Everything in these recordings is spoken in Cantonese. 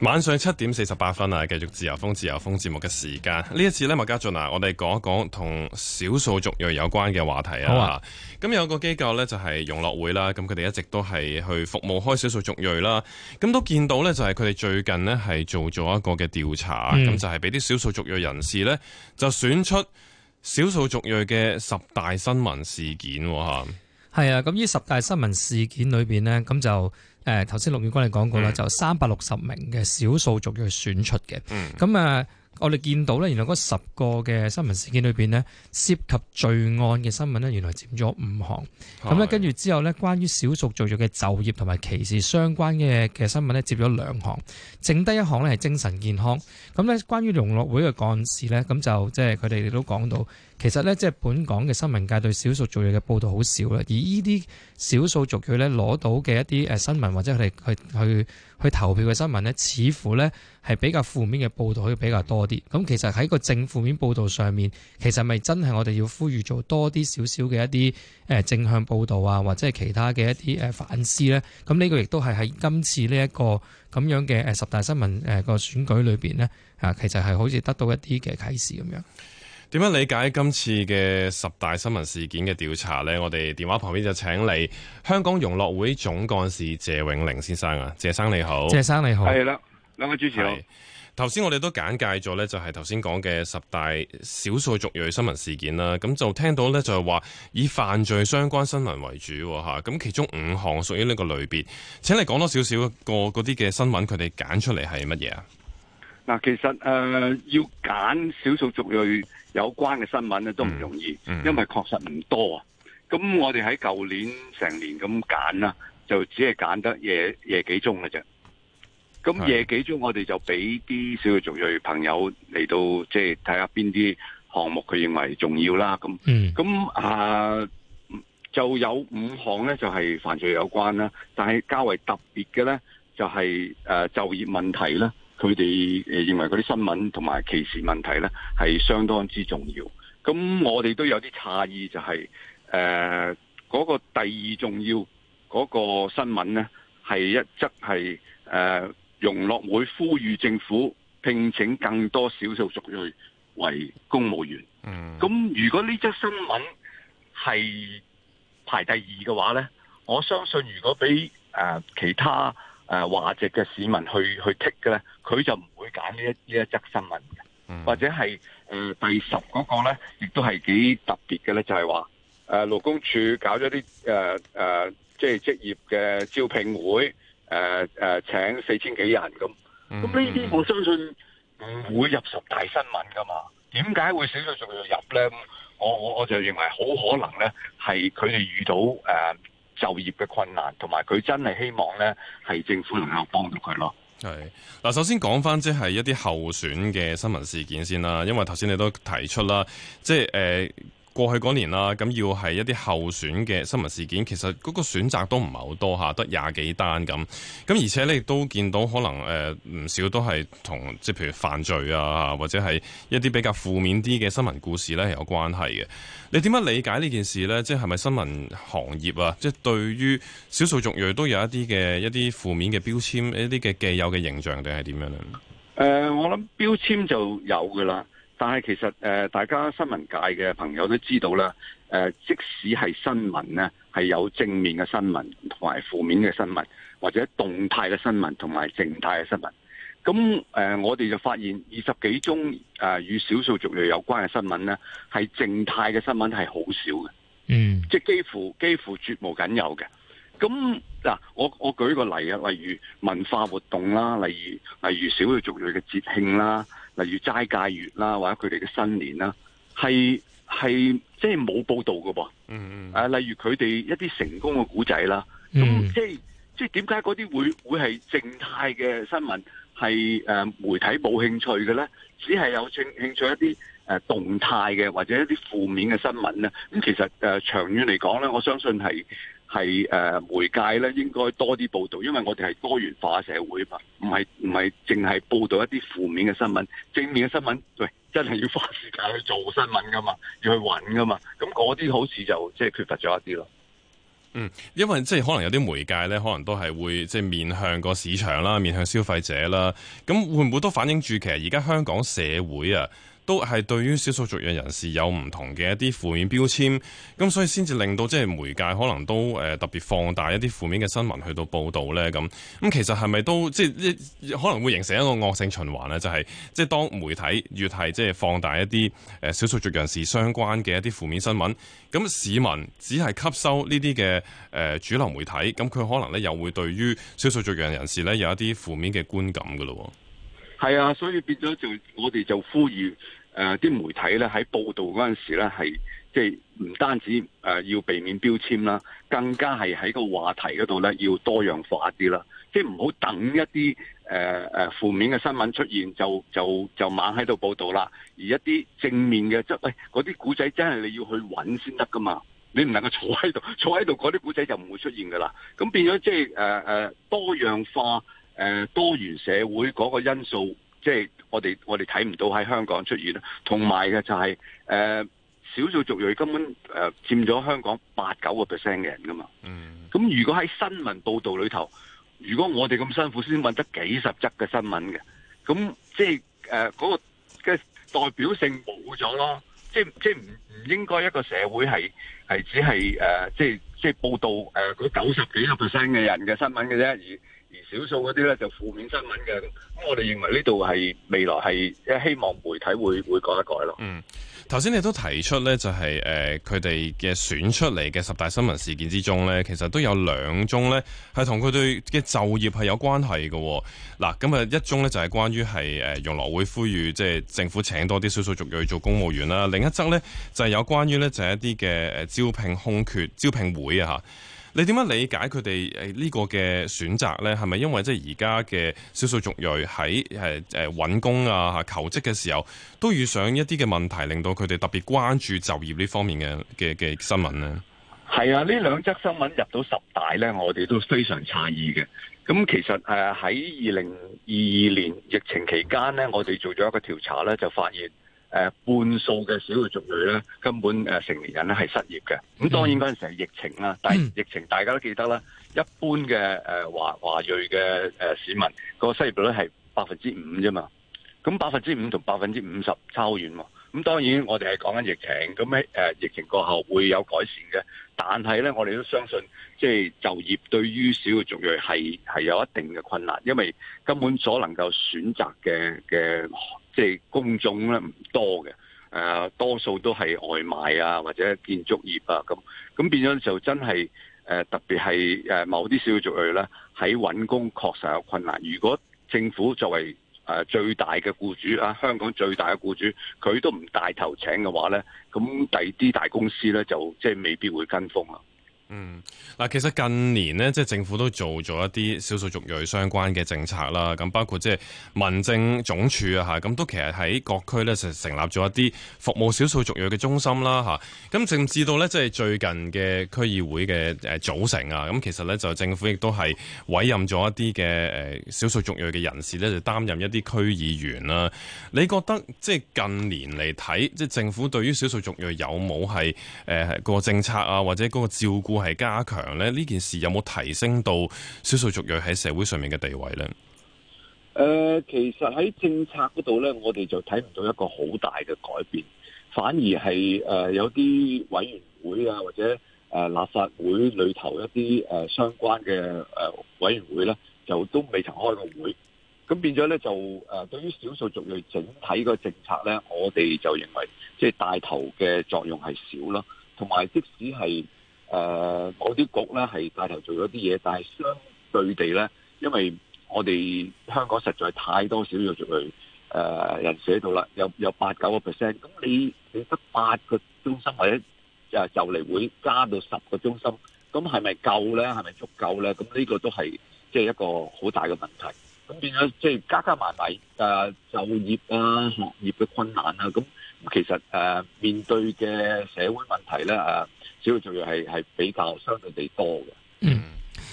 晚上七點四十八分啊，繼續自由風自由風節目嘅時間。呢一次咧，麥家俊啊，我哋講一講同少數族裔有關嘅話題啊。咁有個機構呢，就係融樂會啦，咁佢哋一直都係去服務開少數族裔啦，咁都見到呢，就係佢哋最近呢，係做咗一個嘅調查，咁、嗯、就係俾啲少數族裔人士呢，就選出少數族裔嘅十大新聞事件吓。係啊，咁呢十大新聞事件裏邊咧，咁就誒頭先陸遠君你講過啦，就三百六十名嘅少數族裔選出嘅，咁、嗯、啊。我哋見到咧，原來嗰十個嘅新聞事件裏邊，呢涉及罪案嘅新聞呢，原來佔咗五項。咁咧跟住之後呢關於少數族裔嘅就業同埋歧視相關嘅嘅新聞呢，佔咗兩項，剩低一項係精神健康。咁咧，關於融樂會嘅幹事呢咁就即係佢哋都講到，其實呢即係本港嘅新聞界對少數族裔嘅報導好少啦。而呢啲少數族裔呢攞到嘅一啲誒新聞或者佢哋去去去投票嘅新聞呢似乎呢。係比較負面嘅報導，可以比較多啲。咁其實喺個正負面報導上面，其實咪真係我哋要呼籲做多啲少少嘅一啲誒正向報導啊，或者係其他嘅一啲誒反思呢？咁呢個亦都係喺今次呢、這、一個咁樣嘅十大新聞誒個選舉裏邊呢，啊，其實係好似得到一啲嘅啟示咁樣。點樣理解今次嘅十大新聞事件嘅調查呢？我哋電話旁邊就請嚟香港融樂會總幹事謝永齡先生啊，謝生你好，謝生你好，係啦。兩位主持，頭先我哋都簡介咗呢，就係頭先講嘅十大少數族裔新聞事件啦。咁就聽到呢，就係話以犯罪相關新聞為主吓。咁其中五項屬於呢個類別，請你講多少少個嗰啲嘅新聞，佢哋揀出嚟係乜嘢啊？嗱，其實誒、呃、要揀少數族裔有關嘅新聞咧，都唔容易，嗯嗯、因為確實唔多啊。咁我哋喺舊年成年咁揀啦，就只係揀得夜夜幾宗嘅啫。咁夜幾鐘我哋就俾啲少數族裔朋友嚟到，即係睇下邊啲項目佢認為重要啦。咁咁啊，就有五項咧，就係、是、犯罪有關啦。但係較為特別嘅咧，就係、是、誒、呃、就業問題啦。佢哋認為嗰啲新聞同埋歧視問題咧，係相當之重要。咁我哋都有啲詫異、就是，就係誒嗰個第二重要嗰、那個新聞咧，係一則係誒。就是呃融樂會呼籲政府聘請更多少數族裔為公務員。咁、mm -hmm. 如果呢則新聞係排第二嘅話咧，我相信如果俾誒、呃、其他誒、呃、華籍嘅市民去去 tick 嘅咧，佢就唔會揀呢一呢一則新聞嘅。Mm -hmm. 或者係誒、呃、第十嗰個咧，亦都係幾特別嘅咧，就係話誒勞工處搞咗啲誒誒即係職業嘅招聘會。誒、呃、誒、呃，請四千幾人咁，咁呢啲我相信唔會入十大新聞噶嘛？點解會少咗仲要入咧？我我我就認為好可能咧，係佢哋遇到誒就業嘅困難，同埋佢真係希望咧係政府能夠幫到佢咯。係嗱，首先講翻即係一啲候選嘅新聞事件先啦，因為頭先你都提出啦，即係誒。呃過去嗰年啦，咁要係一啲候選嘅新聞事件，其實嗰個選擇都唔係好多吓，得廿幾單咁。咁而且你亦都見到可能誒唔、呃、少都係同即係譬如犯罪啊，或者係一啲比較負面啲嘅新聞故事咧係有關係嘅。你點樣理解呢件事咧？即係係咪新聞行業啊？即、就、係、是、對於少數族裔都有一啲嘅一啲負面嘅標籤，一啲嘅既有嘅形象定係點樣咧？誒、呃，我諗標籤就有嘅啦。但係其實誒、呃，大家新聞界嘅朋友都知道啦，誒、呃，即使係新聞咧，係有正面嘅新聞同埋負面嘅新聞，或者動態嘅新聞同埋靜態嘅新聞。咁誒、呃，我哋就發現二十幾宗誒與少數族裔有關嘅新聞咧，係靜態嘅新聞係好少嘅，嗯，即係幾乎幾乎絕無僅有嘅。咁嗱、啊，我我舉個例啊，例如文化活動啦，例如例如少數族裔嘅節慶啦。例如齋戒月啦，或者佢哋嘅新年啦，係係即係冇報道嘅噃。嗯嗯。啊，例如佢哋一啲成功嘅古仔啦，咁、mm. 即係即係點解嗰啲會會係靜態嘅新聞係誒媒體冇興趣嘅咧？只係有興興趣一啲。誒、呃，動態嘅或者一啲負面嘅新聞呢，咁其實誒、呃，長遠嚟講呢，我相信係係誒，媒介呢應該多啲報道，因為我哋係多元化社會嘛，唔係唔係淨係報道一啲負面嘅新聞，正面嘅新聞，喂，真係要花時間去做新聞噶嘛，要去揾噶嘛，咁嗰啲好似就即係、就是、缺乏咗一啲咯。嗯，因為即係可能有啲媒介呢，可能都係會即係、就是、面向個市場啦，面向消費者啦，咁會唔會都反映住其實而家香港社會啊？都係對於少數族裔人士有唔同嘅一啲負面標籤，咁所以先至令到即係媒介可能都誒特別放大一啲負面嘅新聞去到報導呢咁。咁其實係咪都即係可能會形成一個惡性循環呢？就係、是、即係當媒體越係即係放大一啲誒少數族裔人士相關嘅一啲負面新聞，咁市民只係吸收呢啲嘅誒主流媒體，咁佢可能咧又會對於少數族裔人士咧有一啲負面嘅觀感噶咯。係啊，所以變咗就我哋就呼籲誒，啲、呃、媒體咧喺報道嗰陣時咧係即係唔單止誒、呃、要避免標籤啦，更加係喺個話題嗰度咧要多樣化啲啦，即係唔好等一啲誒誒負面嘅新聞出現就就就，就猛喺度報道啦，而一啲正面嘅即喂嗰啲古仔真係你要去搵先得噶嘛，你唔能夠坐喺度坐喺度，嗰啲古仔就唔會出現噶啦，咁變咗即係誒誒多樣化。誒、呃，多元社會嗰個因素，即係我哋我哋睇唔到喺香港出現，同埋嘅就係、是，誒，少、呃、數族裔根本誒佔咗香港八九個 percent 嘅人噶嘛。嗯。咁如果喺新聞報道裏頭，如果我哋咁辛苦先搵得幾十則嘅新聞嘅，咁即係誒嗰個嘅代表性冇咗咯。即係即係唔唔應該一個社會係係只係誒、呃、即係即係報道誒嗰九十幾個 percent 嘅人嘅新聞嘅啫而，少數嗰啲咧就負面新聞嘅，咁我哋認為呢度係未來係即係希望媒體會會改一改咯。嗯，頭先你都提出咧，就係誒佢哋嘅選出嚟嘅十大新聞事件之中咧，其實都有兩宗咧係同佢哋嘅就業係有關係嘅、哦。嗱、啊，咁啊一宗咧就係、是、關於係誒融樂會呼籲即係、就是、政府請多啲少數族裔去做公務員啦、啊，另一則咧就係、是、有關於咧就係、是、一啲嘅招聘空缺招聘會啊。你點樣理解佢哋誒呢個嘅選擇呢？係咪因為即係而家嘅少數族裔喺誒誒搵工啊、求職嘅時候都遇上一啲嘅問題，令到佢哋特別關注就業呢方面嘅嘅嘅新聞呢？係啊，呢兩則新聞入到十大呢，我哋都非常詫異嘅。咁其實誒喺二零二二年疫情期間呢，我哋做咗一個調查呢，就發現，誒半數嘅少數族裔咧，根本成年人咧係失業嘅。咁當然嗰陣時係疫情啦，但係疫情大家都記得啦。一般嘅誒華，華裔嘅市民個失業率係百分之五啫嘛。咁百分之五同百分之五十差好遠喎。咁當然我哋係講緊疫情，咁疫情過後會有改善嘅。但係咧，我哋都相信即係就業對於少數族裔係有一定嘅困難，因為根本所能夠選擇嘅嘅。即係工種咧唔多嘅，誒多數都係外賣啊，或者建築業啊咁，咁變咗就真係誒特別係誒某啲小族類咧，喺揾工確實有困難。如果政府作為誒最大嘅雇主啊，香港最大嘅雇主，佢都唔帶頭請嘅話咧，咁第二啲大公司咧就即係未必會跟風嗯，嗱，其實近年咧，即係政府都做咗一啲少數族裔相關嘅政策啦，咁包括即係民政總署啊，吓，咁都其實喺各區咧，就成立咗一啲服務少數族裔嘅中心啦，吓，咁直至到咧即係最近嘅區議會嘅誒組成啊，咁其實咧就政府亦都係委任咗一啲嘅誒少數族裔嘅人士咧，就擔任一啲區議員啦。你覺得即係近年嚟睇，即係政府對於少數族裔有冇係誒個政策啊，或者個照顧？會係加強咧，呢件事有冇提升到少數族裔喺社會上面嘅地位呢？誒、呃，其實喺政策嗰度呢，我哋就睇唔到一個好大嘅改變，反而係誒、呃、有啲委員會啊，或者誒、呃、立法會裏頭一啲誒、呃、相關嘅誒、呃、委員會呢，就都未曾開過會，咁變咗呢，就誒、呃、對於少數族裔整體個政策呢，我哋就認為即係帶頭嘅作用係少啦，同埋即使係。誒、呃，啲局咧係帶頭做咗啲嘢，但係相對地咧，因為我哋香港實在太多少數族裔誒人士喺度啦，有有八九個 percent，咁你你得八個中心或者就嚟會加到十個中心，咁係咪夠咧？係咪足夠咧？咁呢個都係即係一個好大嘅問題，咁變咗即係加加埋埋誒就業啊、學業嘅困難啊，咁。其實誒、啊，面對嘅社會問題咧，啊，少數族裔係係比較相對地多嘅。嗯，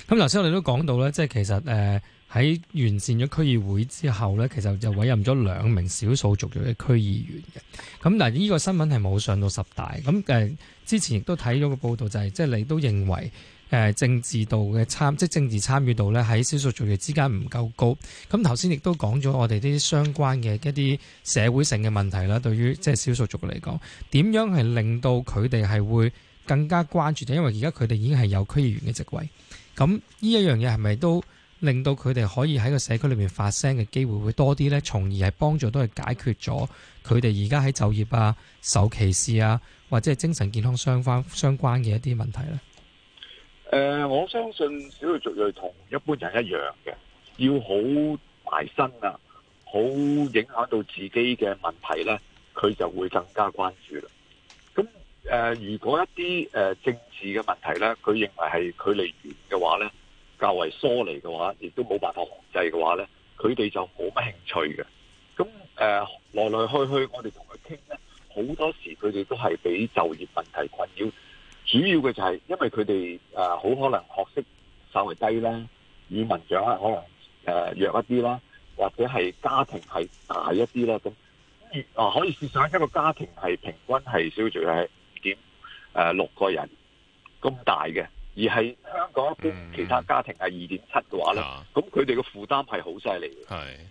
咁頭先我哋都講到咧，即係其實誒，喺、呃、完善咗區議會之後咧，其實就委任咗兩名少數族裔嘅區議員嘅。咁、嗯、但係呢個新聞係冇上到十大。咁誒、呃，之前亦都睇咗個報道，就係即係你都認為。誒，政治度嘅參，即政治參與度咧，喺少數族裔之間唔夠高。咁頭先亦都講咗我哋啲相關嘅一啲社會性嘅問題啦。對於即係少數族嚟講，點樣係令到佢哋係會更加關注？就因為而家佢哋已經係有區議員嘅職位。咁呢一樣嘢係咪都令到佢哋可以喺個社區裏面發聲嘅機會會多啲呢？從而係幫助都係解決咗佢哋而家喺就業啊、受歧視啊，或者係精神健康相關相關嘅一啲問題咧？誒、呃，我相信少數族裔同一般人一樣嘅，要好埋身啊，好影響到自己嘅問題呢，佢就會更加關注啦。咁誒、呃，如果一啲誒、呃、政治嘅問題呢，佢認為係距離遠嘅話呢，較為疏離嘅話，亦都冇辦法控制嘅話呢，佢哋就冇乜興趣嘅。咁誒、呃，來來去去，我哋同佢傾呢，好多時佢哋都係俾就業問題困擾。主要嘅就係，因為佢哋誒好可能學識稍為低啦，語文上啊可能誒、呃、弱一啲啦，或者係家庭係大一啲啦。咁而、呃、可以試想一個家庭係平均係少少五點誒六個人咁大嘅，而係香港啲其他家庭係二點七嘅話咧，咁佢哋嘅負擔係好犀利嘅。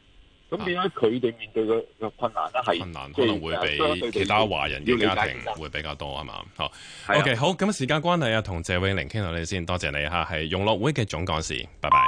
咁點解佢哋面對嘅困難咧、啊？係困難可能會比其他華人嘅家庭會比較多啊嘛？好，OK，好，咁時間關係啊，同謝永齡傾下你先，多謝你嚇，係融樂會嘅總幹事，拜拜。